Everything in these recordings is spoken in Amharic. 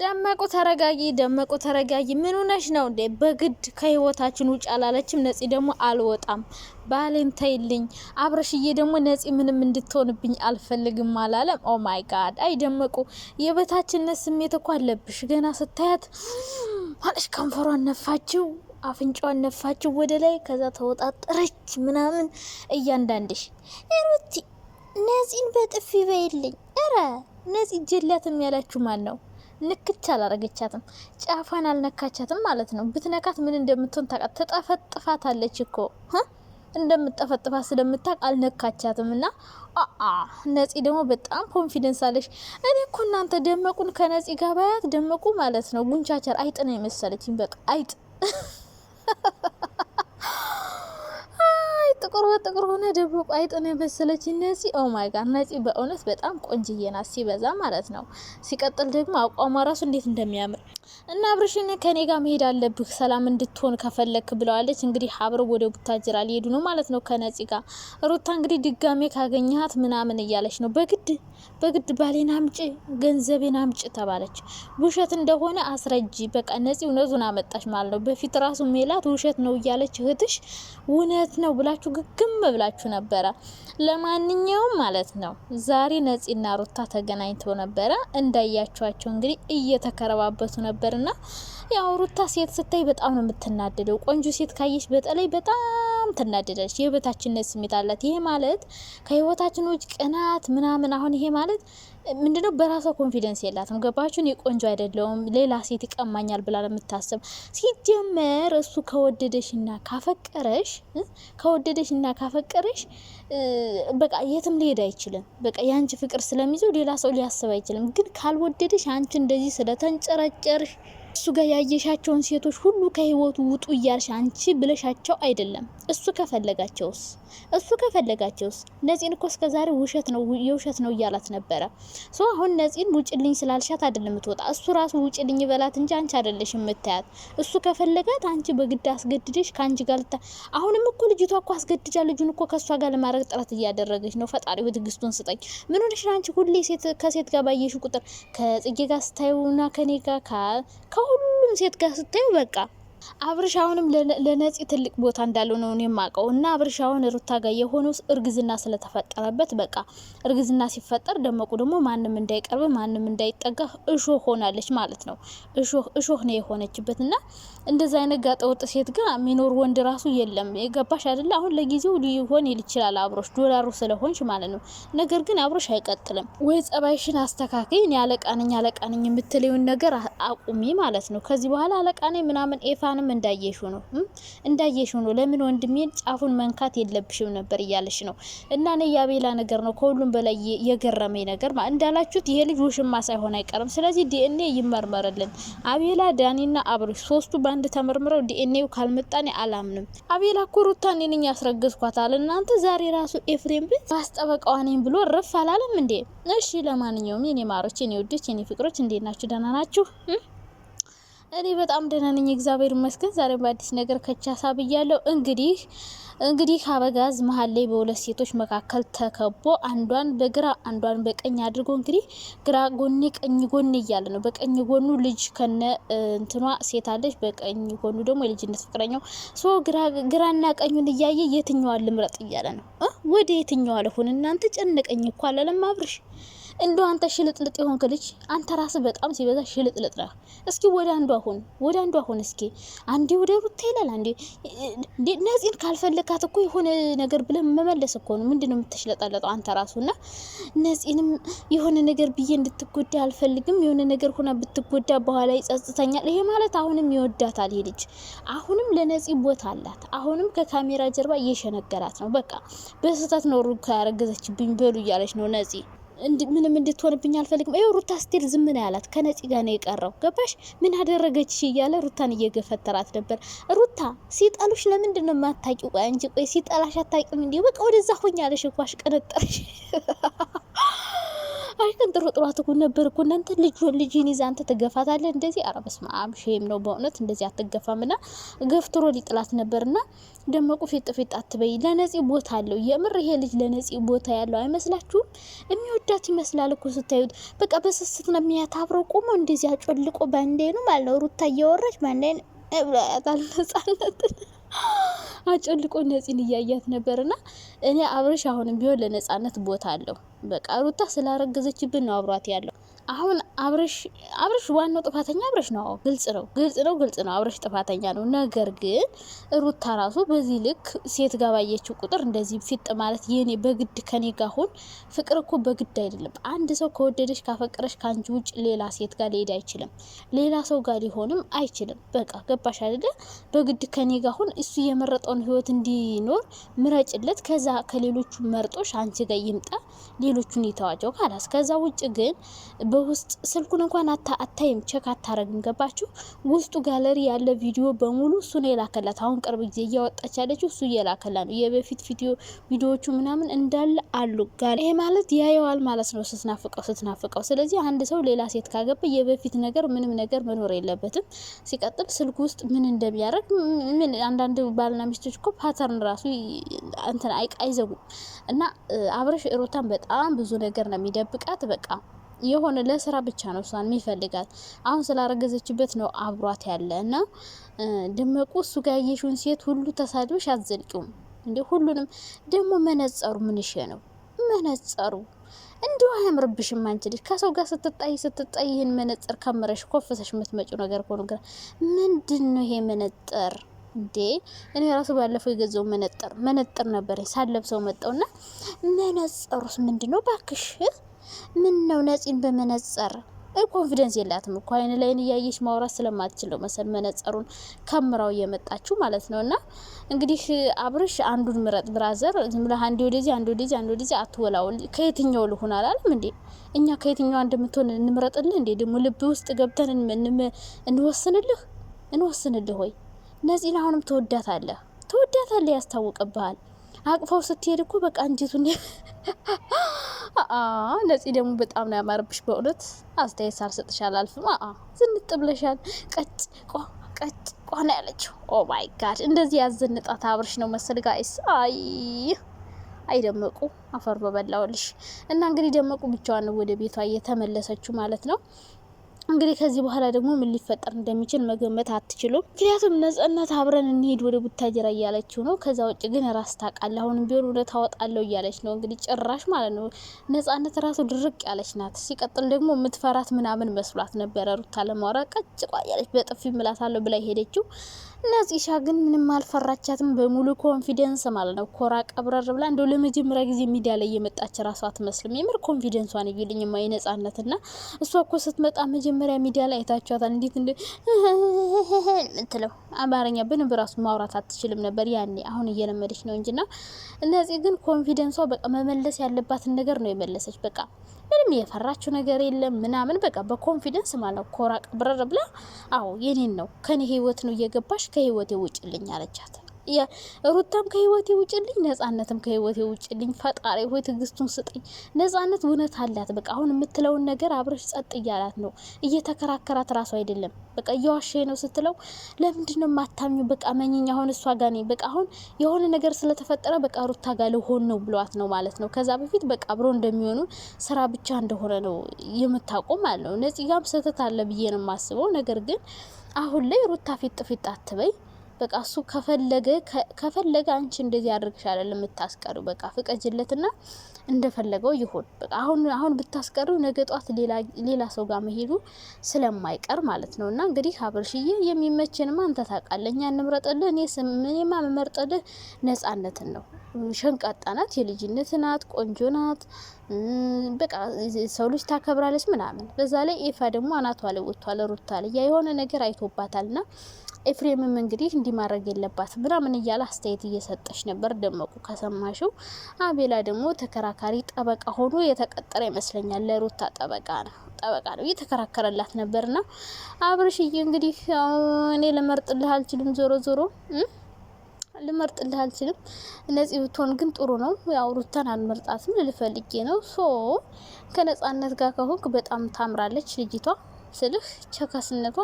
ደመቁ ተረጋጊ፣ ደመቁ ተረጋጊ። ምን ሆነሽ ነው እንዴ? በግድ ከህይወታችን ውጭ አላለችም። ነፂ ደግሞ አልወጣም፣ ባሌን ተይልኝ፣ አብረሽዬ ደግሞ ነፂ ምንም እንድትሆንብኝ አልፈልግም አላለም። ኦ ማይ ጋድ! አይ ደመቁ፣ የበታችነት ስሜት እኮ አለብሽ። ገና ስታያት ማለሽ ከንፈሯን ነፋችው፣ አፍንጫዋን ነፋችው ወደ ላይ፣ ከዛ ተወጣጠረች ምናምን። እያንዳንድሽ ሩቲ ነፂን በጥፊ በይልኝ። እረ ነፂ ጀላትም ያላችሁ ማን ነው? ንክቻ አላረገቻትም፣ ጫፏን አልነካቻትም ማለት ነው። ብትነካት ምን እንደምትሆን ታውቃት፣ ተጠፈጥፋታለች እኮ እንደምጠፈጥፋት ስለምታውቅ አልነካቻትም። እና አአ ነፂ ደግሞ በጣም ኮንፊደንስ አለች። እኔ እኮ እናንተ ደመቁን ከነፂ ጋር ባያት ደመቁ ማለት ነው ጉንቻቸር አይጥ ነው የመሰለችኝ። በቃ አይጥ ጥቁር በጥቁር ሆነ ደብሮ አይጥ ነው የመሰለች ነፂ። ኦ ማይ ጋድ ነፂ በእውነት በጣም ቆንጅዬ ናት፣ ሲበዛ ማለት ነው። ሲቀጥል ደግሞ አቋሟ ራሱ እንዴት እንደሚያምር እና አብርሽን ከኔ ጋር መሄድ አለብህ ሰላም እንድትሆን ከፈለክ ብለዋለች። እንግዲህ አብረው ወደ ቡታጅራ ሊሄዱ ነው ማለት ነው ከነፂ ጋር። ሩታ እንግዲህ ድጋሜ ካገኘሃት ምናምን እያለች ነው በግድ በግድ ባሌን አምጪ፣ ገንዘቤን አምጪ ተባለች። ውሸት እንደሆነ አስረጂ። በቃ ነፂ እውነቱን አመጣች ማለት ነው። በፊት ራሱ ሜላት ውሸት ነው እያለች እህትሽ እውነት ነው ብላችሁ ግግም ብላችሁ ነበረ። ለማንኛውም ማለት ነው ዛሬ ነፂና ሩታ ተገናኝተው ነበረ። እንዳያችኋቸው እንግዲህ እየተከረባበቱ ነበርና ያው ሩታ ሴት ስታይ በጣም ነው የምትናደደው። ቆንጆ ሴት ካየች በጠላይ በጣም ትናደዳች የበታችነት ስሜት አላት። ይሄ ማለት ከህይወታችን ውጭ ቅናት ምናምን። አሁን ይሄ ማለት ምንድነው? በራሷ ኮንፊደንስ የላትም። ገባችሁን? የቆንጆ አይደለውም ሌላ ሴት ይቀማኛል ብላ ለምታስብ ሲጀመር እሱ ከወደደሽና ካፈቀረሽ ከወደደሽና ካፈቀረሽ በቃ የትም ሊሄድ አይችልም። በቃ የአንቺ ፍቅር ስለሚይዘው ሌላ ሰው ሊያስብ አይችልም። ግን ካልወደደሽ አንቺ እንደዚህ ስለተንጨረጨርሽ እሱ ጋር ያየሻቸውን ሴቶች ሁሉ ከህይወቱ ውጡ እያልሽ አንቺ ብለሻቸው አይደለም። እሱ ከፈለጋቸውስ እሱ ከፈለጋቸውስ ነፂን እኮ እስከዛሬ ውሸት ነው የውሸት ነው እያላት ነበረ። ሶ አሁን ነፂን ውጭልኝ ስላልሻት አይደለም ትወጣ እሱ ራሱ ውጭልኝ በላት እንጂ አንቺ አይደለሽ የምታያት። እሱ ከፈለጋት አንቺ በግድ አስገድደሽ ከአንቺ ጋር ልታ አሁንም እኮ ልጅቷ እኮ አስገድጃ ልጁን እኮ ከእሷ ጋር ለማድረግ ጥረት እያደረገች ነው። ፈጣሪ ትግስቱን ስጠኝ። ምን ሆነሽ አንቺ ሁሌ ከሴት ጋር ባየሽ ቁጥር ከጽጌ ጋር ስታዩና ከኔ ጋር ሴት ጋር ስታዩ በቃ አብርሻውንም ለነፂ ትልቅ ቦታ እንዳለው ነው እኔ የማውቀው። እና አብርሻውን ሩታ ጋር የሆነው እርግዝና ስለተፈጠረበት በቃ እርግዝና ሲፈጠር ደመቁ ደግሞ ማንም እንዳይቀርብ ማንም እንዳይጠጋ እሾህ ሆናለች ማለት ነው። እሾህ እሾህ ነው የሆነችበት። እና እንደዛ አይነት ጋጠወጥ ሴት ጋር የሚኖር ወንድ ራሱ የለም። የገባሽ አይደለ? አሁን ለጊዜው ሊሆን ይችላል አብሮሽ ዶላሩ ስለሆንሽ ማለት ነው። ነገር ግን አብሮሽ አይቀጥልም ወይ? ጸባይሽን አስተካከይ። እኔ አለቃ ነኝ አለቃ ነኝ የምትለውን ነገር አቁሚ ማለት ነው። ከዚህ በኋላ አለቃ ነኝ ምናምን ኤፋ ትሁታንም እንዳየሹ ነው እንዳየሹ ነው። ለምን ወንድሜን ጫፉን መንካት የለብሽም ነበር እያለሽ ነው። እና እኔ የአቤላ ነገር ነው ከሁሉም በላይ የገረመኝ ነገር እንዳላችሁት ይሄ ልጅ ውሽማ ሳይሆን አይቀርም። ስለዚህ ዲኤንኤ ይመርመርልን። አቤላ፣ ዳኒና አብርሽ ሶስቱ በአንድ ተመርምረው ዲኤንኤው ካልመጣኔ አላምንም። አቤላ እኮ ሩታን እኔ ነኝ እናንተ ዛሬ ራሱ ኤፍሬም ቤት ማስጠበቀዋ ነኝ ብሎ ረፍ አላለም እንዴ? እሺ፣ ለማንኛውም የኔ ማሮች፣ የኔ ውዶች፣ የኔ ፍቅሮች እንዴት ናችሁ? ደህና ናችሁ? እኔ በጣም ደህና ነኝ፣ እግዚአብሔር ይመስገን። ዛሬም በአዲስ ነገር ከቻ ሳብያለሁ። እንግዲህ እንግዲህ አበጋዝ መሀል ላይ በሁለት ሴቶች መካከል ተከቦ አንዷን በግራ አንዷን በቀኝ አድርጎ እንግዲህ ግራ ጎኔ ቀኝ ጎን እያለ ነው። በቀኝ ጎኑ ልጅ ከነ እንትኗ ሴት አለች፣ በቀኝ ጎኑ ደግሞ የልጅነት ፍቅረኛው ሶ ግራና ቀኙን እያየ የትኛዋን ልምረጥ እያለ ነው። ወደ የትኛዋ ልሁን እናንተ ጨነቀኝ እኮ አለለም አብርሽ እንደው አንተ ሽልጥልጥ የሆንክ ልጅ አንተ ራስ በጣም ሲበዛ ሽልጥልጥ ነህ። እስኪ ወደ አንዱ አሁን ወደ አንዱ አሁን እስኪ አንዴ ወደ ሩታ ይላል፣ አንዴ ነፂን ካልፈለካት እኮ የሆነ ነገር ብለን መመለስ እኮ ነው። ምንድነው የምትሽለጠለጠው አንተ ራሱና ነፂንም የሆነ ነገር ብዬ እንድትጎዳ አልፈልግም። የሆነ ነገር ሆና ብትጎዳ በኋላ ይጸጽተኛል። ይሄ ማለት አሁንም ይወዳታል ይሄ ልጅ፣ አሁንም ለነፂ ቦታ አላት። አሁንም ከካሜራ ጀርባ እየሸነገራት ነው። በቃ በስህተት ነው ያረገዘችብኝ በሉ እያለች ነው ነፂ ምንም እንድትሆንብኝ አልፈልግም። ይኸው ሩታ ስትሄድ ዝም ነው ያላት። ከነፂ ጋር ነው የቀረው። ገባሽ? ምን አደረገች እያለ ሩታን እየገፈተራት ነበር። ሩታ ሲጠሉሽ ለምንድን ነው የማታውቂው? ቆይ እንጂ ቆይ ሲጠላሽ አታውቂም? እንዲ በቃ ወደዛ ሆኛለሽ እኮ አሽቀነጠረሽ ጥሩ ጥሯት አትኩን ነበር እኮ እናንተ ልጅን ይዛ አንተ ትገፋታለህ እንደዚህ። ኧረ በስመ አብ ሼም ነው በእውነት እንደዚህ አትገፋም። ና ገፍትሮ ሊጥላት ነበር። ና ደመቁ ፊጥ ፊጥ አትበይ። ለነፂ ቦታ አለው የምር ይሄ ልጅ ለነፂ ቦታ ያለው አይመስላችሁም? የሚወዳት ይመስላል እኮ ስታዩት። በቃ በስስት ነው የሚያት። አብረው ቆሞ እንደዚህ አጮልቆ ባንዴኑ ማለት ነው ሩታ እያወራች ባንዴ ብሎ ያጣል ነጻነት አጨልቆ ነፂን እያያት ነበር። ና እኔ አብርሽ አሁንም ቢሆን ለነጻነት ቦታ አለው። በቃ ሩታ ስላረገዘችብን ነው አብሯት ያለው። አሁን አብረሽ አብረሽ ዋናው ጥፋተኛ አብረሽ ነው። ግልጽ ነው፣ ግልጽ ነው፣ ግልጽ ነው። አብረሽ ጥፋተኛ ነው። ነገር ግን ሩታ ራሱ በዚህ ልክ ሴት ጋር ባየችው ቁጥር እንደዚህ ፊጥ ማለት የኔ በግድ ከኔ ጋር ሁን። ፍቅር እኮ በግድ አይደለም። አንድ ሰው ከወደደሽ ካፈቀረሽ ከአንቺ ውጭ ሌላ ሴት ጋር ሊሄድ አይችልም። ሌላ ሰው ጋር ሊሆንም አይችልም። በቃ ገባሽ አይደለ? በግድ ከኔ ጋር ሁን። እሱ የመረጠውን ህይወት እንዲኖር ምረጭለት። ከዛ ከሌሎቹ መርጦሽ አንቺ ጋር ይምጣ፣ ሌሎቹን ይተዋቸው ካላስ ከዛ ውጭ ግን በ በውስጥ ስልኩን እንኳን አታ አታይም ቼክ አታረግም። ገባችሁ? ውስጡ ጋለሪ ያለ ቪዲዮ በሙሉ እሱ ነው የላከላት። አሁን ቅርብ ጊዜ እያወጣች ያለችው እሱ እየላከላ ነው። የበፊት ቪዲዮዎቹ ምናምን እንዳለ አሉ ይሄ ማለት ያየዋል ማለት ነው። ስትናፍቀው ስትናፍቀው። ስለዚህ አንድ ሰው ሌላ ሴት ካገባ የበፊት ነገር ምንም ነገር መኖር የለበትም። ሲቀጥል ስልኩ ውስጥ ምን እንደሚያደርግ ምን አንዳንድ ባልና ሚስቶች እኮ ፓተርን ራሱ እንትን አይዘጉም እና አብረሽ ሮታን በጣም ብዙ ነገር ነው የሚደብቃት በቃ የሆነ ለስራ ብቻ ነው እሷን የሚፈልጋት። አሁን ስላረገዘችበት ነው አብሯት ያለ እና ደመቁ እሱ ጋር ያየሽውን ሴት ሁሉ ተሳድበሽ አትዘልቂውም እንዴ? ሁሉንም ደግሞ መነጸሩ ምንሽ ነው መነጸሩ እንዲሁ አያምርብሽም። አንቺ ልጅ ከሰው ጋር ስትጣይ ስትጣይ ይህን መነጽር ከምረሽ ኮፍሰሽ የምትመጪው ነገር ከሆኑ ግራ ምንድን ነው ይሄ መነጠር እንዴ? እኔ ራሱ ባለፈው የገዛው መነጠር መነጠር ነበር ሳለብሰው መጣውና መነጸሩስ ምንድን ነው ባክሽ? ምን ነው ነፂን በመነጸር ኮንፊደንስ የላትም እኮ አይን ላይን እያየች ማውራት ስለማትችለው መሰል መነጸሩን ከምራው እየመጣችው ማለት ነው። እና እንግዲህ አብርሽ አንዱን ምረጥ ብራዘር፣ ዝም ብለህ አንድ ወደዚህ አንድ ወደዚህ አንድ ወደዚህ ከየትኛው ልሁን አላለም እንዴ? እኛ ከየትኛዋ እንደምትሆን እንምረጥልህ እንዴ? ደግሞ ልብ ውስጥ ገብተን እንወስንልህ እንወስንልህ ወይ? ነፂን አሁንም ትወዳታለህ፣ ትወዳታለህ፣ ያስታውቅብሃል። አቅፈው ስትሄድ እኮ በቃ እንጀቱ ነፂ ደግሞ በጣም ነው ያማረብሽ። በእውነት አስተያየት ሳልሰጥሽ አላልፍም። ዝንጥ ብለሻል። ቀጭ ቋ ቀጭ ቋ ነው ያለችው። ኦ ማይ ጋድ እንደዚህ ያዘንጣት አብርሽ ነው መሰል ጋይስ። አይ አይደመቁ አፈር በበላውልሽ እና እንግዲህ ደመቁ ብቻዋን ወደ ቤቷ እየተመለሰችው ማለት ነው። እንግዲህ ከዚህ በኋላ ደግሞ ምን ሊፈጠር እንደሚችል መገመት አትችሉም። ምክንያቱም ነጻነት አብረን እንሄድ ወደ ቡታጀራ እያለችው ነው። ከዛ ውጭ ግን ራስ ታውቃለህ፣ አሁንም ቢሆን እውነት አወጣለሁ እያለች ነው። እንግዲህ ጭራሽ ማለት ነው ነጻነት ራሱ ድርቅ ያለች ናት። ሲቀጥል ደግሞ የምትፈራት ምናምን መስሏት ነበረ ሩታ ለማውራት ቀጭቋ እያለች በጥፊ ምላሳለሁ ብላ ሄደችው። ነፂሻ ግን ምንም አልፈራቻትም። በሙሉ ኮንፊደንስ ማለት ነው። ኮራ ቀብረር ብላ እንደው ለመጀመሪያ ጊዜ ሚዲያ ላይ የመጣች ራሷ አትመስልም። የምር ኮንፊደንሷን እዩልኝ። ማ የነጻነት ና እሷ እኮ ስትመጣ መጀመሪያ ሚዲያ ላይ አይታችኋታል። እንዴት እንደ ምትለው አማርኛ በንብ ራሱ ማውራት አትችልም ነበር ያኔ። አሁን እየለመደች ነው እንጂና ነፂ ግን ኮንፊደንሷ በቃ መመለስ ያለባትን ነገር ነው የመለሰች። በቃ ምንም የፈራችው ነገር የለም ምናምን በቃ በኮንፊደንስ ማለት ነው። ኮራ ቀብረር ብላ አዎ የኔን ነው ከኔ ህይወት ነው እየገባሽ ከህይወቴ ውጭልኝ አለቻት። ሩታም ከህይወቴ ውጭልኝ፣ ነጻነትም ከህይወቴ ውጭልኝ። ፈጣሪ ሆይ ትግስቱን ስጠኝ። ነጻነት እውነት አላት። በቃ አሁን የምትለውን ነገር አብረሽ ጸጥ እያላት ነው። እየተከራከራት ራሱ አይደለም በቃ እየዋሸ ነው ስትለው ለምንድን ነው ማታሚ? በቃ መኝኛ አሁን እሷ ጋር ነኝ። በቃ አሁን የሆነ ነገር ስለተፈጠረ በቃ ሩታ ጋር ልሆን ነው ብሏት ነው ማለት ነው። ከዛ በፊት በቃ አብሮ እንደሚሆኑ ስራ ብቻ እንደሆነ ነው የምታቆም አለው። ነጽጋም ስህተት አለ ብዬ ነው የማስበው። ነገር ግን አሁን ላይ ሩታ ፊት ጥፊት አትበይ። በቃ እሱ ከፈለገ ከፈለገ አንቺ እንደዚህ አድርግሻለ ለምታስቀሩ በቃ ፍቀጅለትና እንደፈለገው ይሁን። በቃ አሁን አሁን ብታስቀሩ ነገ ጧት ሌላ ሰው ጋር መሄዱ ስለማይቀር ማለት ነው። እና እንግዲህ አብርሽዬ የሚመችንማ አንተ ታውቃለህ። እኛ እንምረጥልህ። እኔ እኔማ የምመርጥልህ ነጻነትን ነው። ሸንቃጣ ናት፣ የልጅነት ናት፣ ቆንጆ ናት። በቃ ሰው ልጅ ታከብራለች ምናምን። በዛ ላይ ኤፋ ደግሞ አናቷ ላይ ወጥቷል፣ ላይ ያ የሆነ ነገር አይቶባታል ና ኤፍሬምም እንግዲህ እንዲህ ማድረግ የለባት ምናምን እያለ አስተያየት እየሰጠች ነበር። ደመቁ ከሰማሽው። አቤላ ደግሞ ተከራካሪ ጠበቃ ሆኖ የተቀጠረ ይመስለኛል። ለሩታ ጠበቃ ነው ጠበቃ ነው እየተከራከረላት ነበርና አብርሽዬ እንግዲህ እኔ ልመርጥልህ አልችልም ዞሮ ዞሮ ልመርጥልህ አልችልም። እነዚህ ብትሆን ግን ጥሩ ነው። ያው ሩታን አልመርጣትም ልፈልጌ ነው። ሶ ከነጻነት ጋር ከሆንክ በጣም ታምራለች ልጅቷ ስልህ ቸካስነቷ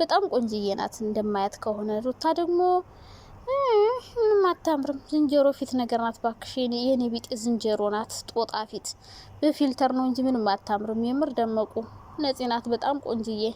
በጣም ቆንጅዬ ናት እንደማያት ከሆነ ሩታ ደግሞ ምንም አታምርም። ዝንጀሮ ፊት ነገር ናት ባክሽ፣ የኔ ቢጤ ዝንጀሮ ናት፣ ጦጣ ፊት በፊልተር ነው እንጂ ምንም አታምርም። የምር ደመቁ ነጽናት በጣም ቆንጅዬ